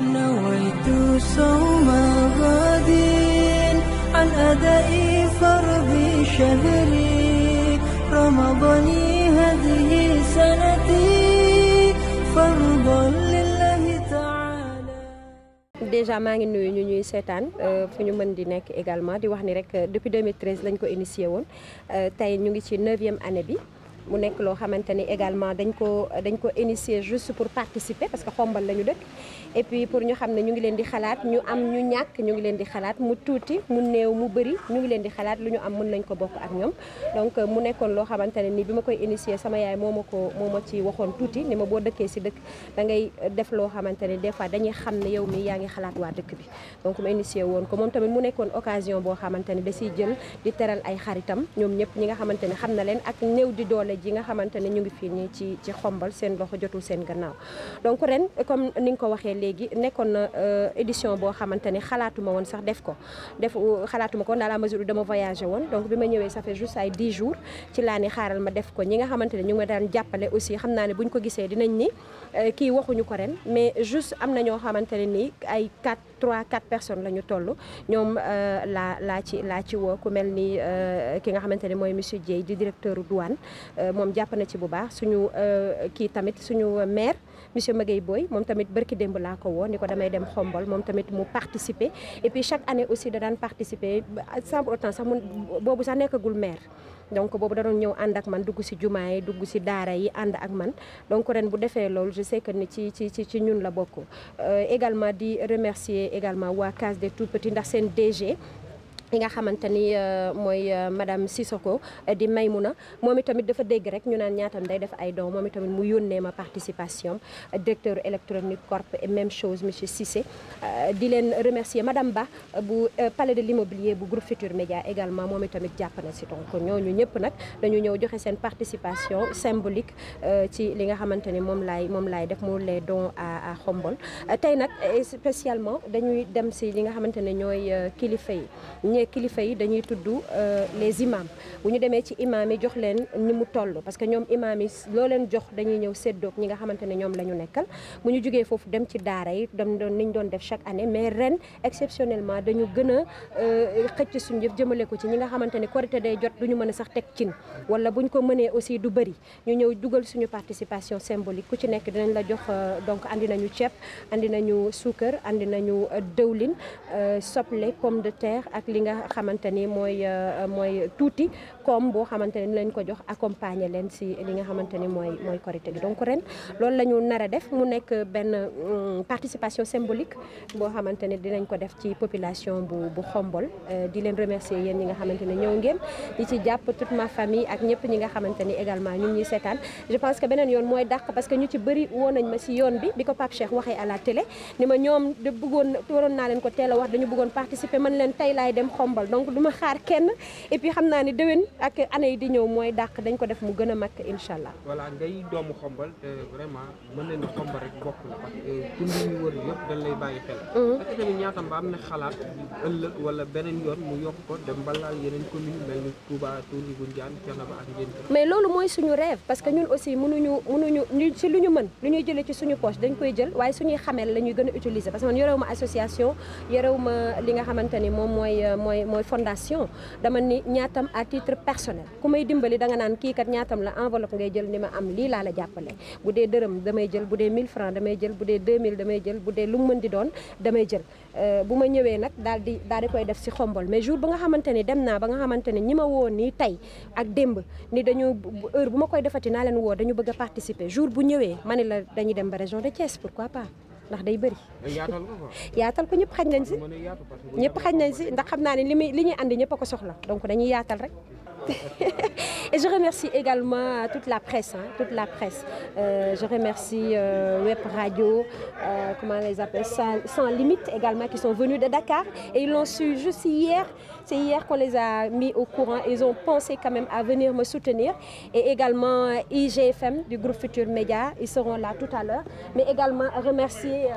نويت صوم غد عن أداء فرض شهري رمضان هذه سنتي فرضا لله تعالى déjà maa ngi nuyu ñu ñuy seetaan euh, fu ñu mën di nekk également di wax ni rek euh, depuis 2013 lañ ko initié woon euh, tey ñu ngi ci neuvième année bi mu nekk loo xamante ni également dañ ko dañ ko initier juste pour participer parce que xombal la ñu dëkk et pour ñu xam ne ñu ngi leen di xalaat ñu am ñu ñàkk ñu ngi leen di xalaat mu tuuti mu néew mu bëri ñu ngi leen di xalaat lu ñu am mën nañ ko bokk ak ñoom donc mu nekkoon loo xamante ne ni bi ma koy initier sama yaay moo ma ko moo ma ci waxoon tuuti ni ma boo dëkkee si dëkk da ngay def loo xamante ne des fois dañuy xam ne yow mii yaa ngi xalaat waa dëkk bi donc ma initier woon ko moom tamit mu nekkoon occasion boo xamante ne da jël di teral ay xaritam ñoom ñëpp ñi nga xamante ne xam na leen ak néew di doole xale ji nga xamante ne ñu ngi fii nii ci ci seen loxo jotul seen gannaaw donc ren comme ni nga ko waxee léegi nekkoon na euh, édition boo xamante ne xalaatuma woon sax def ko def xalaatuma ko dans la mesure dama voyagé woon donc bi ma ñëwee ça fait juste ay 10 jours ci laa ni xaaral ma def ko ñi nga xamante ne ñu ngi ma daan jàppale aussi xam naa ne buñ ko gisee dinañ ni euh, kii waxuñu ko ren mais juste am na ñoo xamante ne nii ay 4 trois quatre personnes la ñu toll ñoom euh, laa laa ci laa ci woo ku mel ni euh, ki nga xamante ne mooy monsieur Dieye di directeur douane euh, moom jàpp na ci bu baax suñu kii tamit suñu maire monsieur Magueye booy moom tamit bërki démb laa ko woon ni ko damay dem xombol moom tamit mu participer et puis chaque année aussi da daan participer sans pour autant sax mu boobu sax nekkagul maire donc boobu da ñëw ànd ak man dugg si jumaa yi dugg si daara yi ànd ak man donc ren bu defee loolu je sais que ci ci ci ci ñun la bokk euh, également di remercier également waa Case des Tout Petits ndax seen DG li nga xamante ni euh, mooy euh, madam sisoko euh, di may mu na moom itamit dafa dégg rek ñu naan ñaatam day def ay don moom itamit mu yónnee ma participation directeur électronique corp même chose monsieur Cissé di leen remercier madam Ba bu palais de l'immobilier bu groupe Futur Média également moom itamit jàpp na si donc ñooñu ñëpp nag dañu ñëw joxe seen participation symbolique ci li nga xamante ni moom lay moom laay def mu les dons à Khombole tey nag spécialement dañuy dem si li nga xamante ne ñooy kilifa yi waxee kilifa yi dañuy tudd euh, les imams bu ñu demee ci imam yi jox leen ni mu toll parce que ñoom imam yi loo leen jox dañuy ñëw séddoog ñi nga xamante ne ñoom la nekkal bu ñu jógee foofu dem ci daara yi dem doon niñ doon def chaque année mais ren exceptionnellement dañu gën a euh, xëcc suñu jëf jëmale ko ci ñi nga xamante ne korité day jot duñu mën a sax teg cin wala buñ ko mënee aussi du bëri ñu ñëw dugal suñu participation symbolique ku ci nekk dinañ la jox euh, donc andi nañu ceeb andi nañu suukar andi nañu dëwlin soble nga xamante ni mooy euh, mooy tuuti koom boo xamante ne ñu ko jox accompagner leen si li nga xamante ni mooy mooy korité gi donc ren loolu la ñu nar a def mu nekk benn mm, participation symbolique boo xamante ne dinañ ko def ci population bu bu xombol euh, di leen remercier yéen ñi nga xamante ne ñëw ngeen di ci jàpp toute ma famille ak ñëpp ñi nga xamante ni également ñun ñuy seetaan je pense que beneen yoon mooy dàq parce que ñu ci bëri woo nañ ma si yoon bi bi ko naa leen ko a wax dañu bëggoon participer man leen tey laay dem xombol donc du ma xaar kenn et puis xam naa ni déwén ak année yi di ñëw mooy dàq dañ ko def mu gën a mag incha allah. voilà ngay doomu xombal te vraiment mën nañu xombal rek bokk la parce que tund yu wër yëpp dañ lay bàyyi xel. Mm-hmm. wala beneen yoon mu yokk ko dem mbalaal yeneen commune mel mais loolu mooy suñu rêve parce que ñun aussi mënuñu mënuñu ñu si lu ñu mën lu ñuy jëlee ci suñu poche dañ koy jël waaye suñuy xamel la ñuy gën a utiliser parce que man yorewu ma association yorewu ma li nga xamante ni moom mooy mooy mooy fondation dama ni ñaatam à titre personnel may dimbali da nga naan kii kat ñaatam la enveloppe ngay jël ni ma am lii laa la jàppale bu dee dërëm damay jël bu dee 1000 francs damay jël bu dee 2000 damay jël euh, bu ma ñëwee nag daal koy def si xombol mais jour ba nga xamante dem naa ba nga xamante ñi ma woo nii tey ak démb ni dañu heure bu ma koy defati naa leen woo dañu bëgg a participer jour bu ñëwee ma la dañuy dem région de Thiès pourquoi pas ndax day bëri yaatal ko ñëpp xañ nañ si ñëpp a Et je remercie également euh, toute la presse, hein, toute la presse. Euh, je remercie euh, Web Radio, euh, sans, sans, également, qui sont venus de Dakar. Et ils l'ont su hier. C'est hier qu'on les a mis au courant. Ils ont pensé quand même à venir me soutenir. Et également euh, IGFM du groupe Futur Média, ils seront là tout à l'heure. Mais également euh, remercier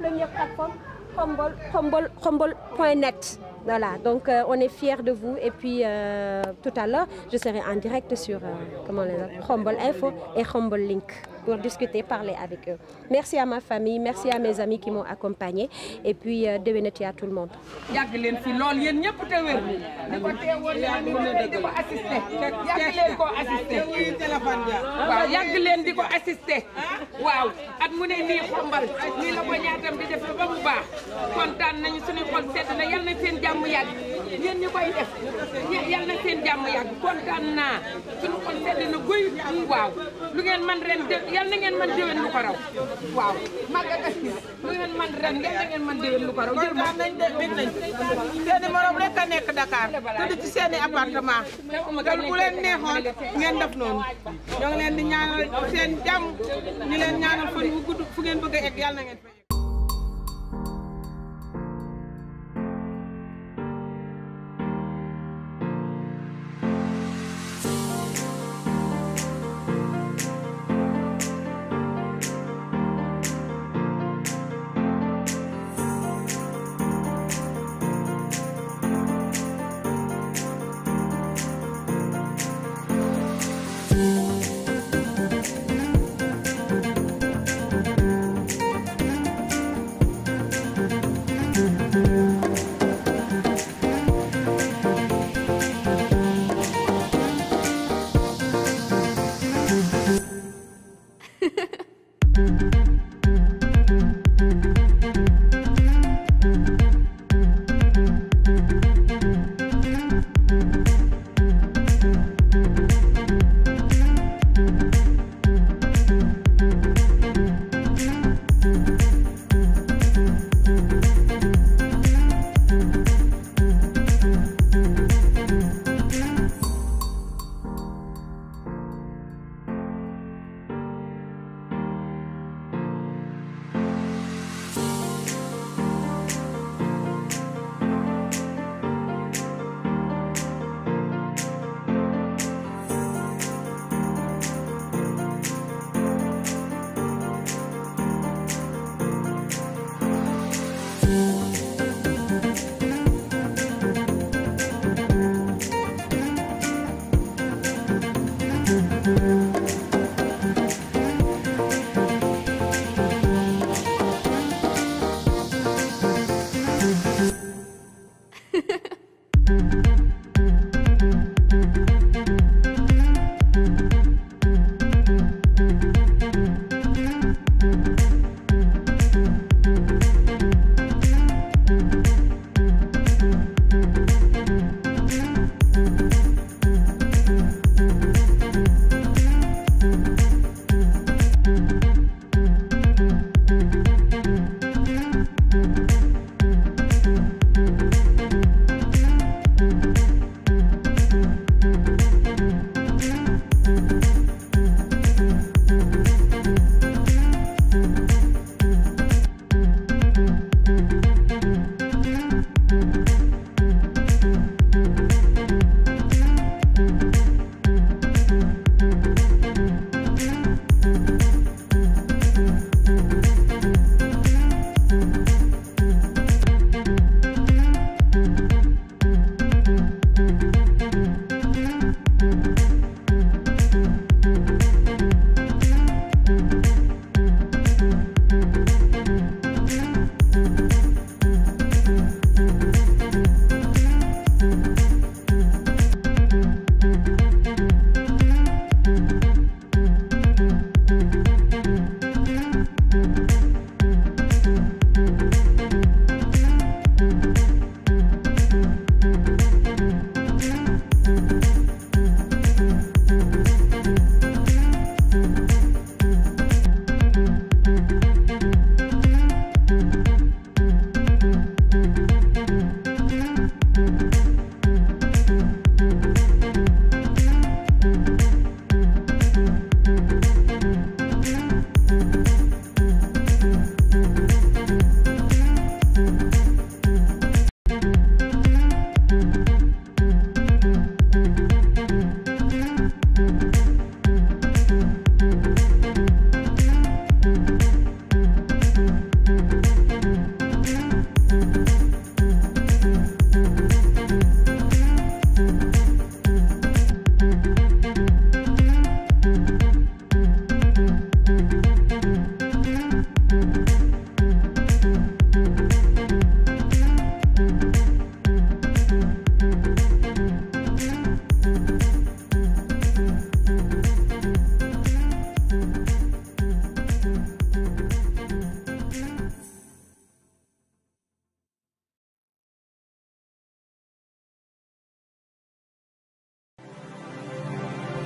première plateforme, Humble.net. Voilà, donc euh, on est fiers de vous. Et puis euh, tout à l'heure, je serai en direct sur euh, comment les Humble Info et Humble Link. pour discuter, parler avec eux. Merci à ma famille, merci à mes amis qui moo accompagné et puis euh, déwénati tout le monde. yàgg leen fi lool yéen ñëpp te wér di ko teewoon leen di ko assisté waaw yàgg leen di ko assisté waaw at mu ne nii xombal nii la ko ñaatam di def ba mu baax kontaan nañu suñu xol sedd na yal na seen jàmm yàgg yéen ñi koy def yal na seen jàmm yàgg kontaan naa suñu xol sedd na guy waaw lu ngeen man ren yal na ngeen man déwén lu ko raw waaw màggal ak lu ngeen man ren yal na ngeen man déwén lu ko raw kontaan nañ de bég nañ seeni morom a nekk ma tëdd ci seeni appartement kon bu leen neexoon ngeen def noonu ñoo leen di ñaanal seen jàmm ñu leen ñaanal fan wu gudd fu ngeen bëgg a egg yal na ngeen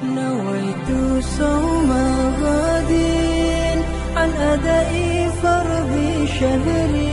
نويت صوم غد عن أداء فرض شهري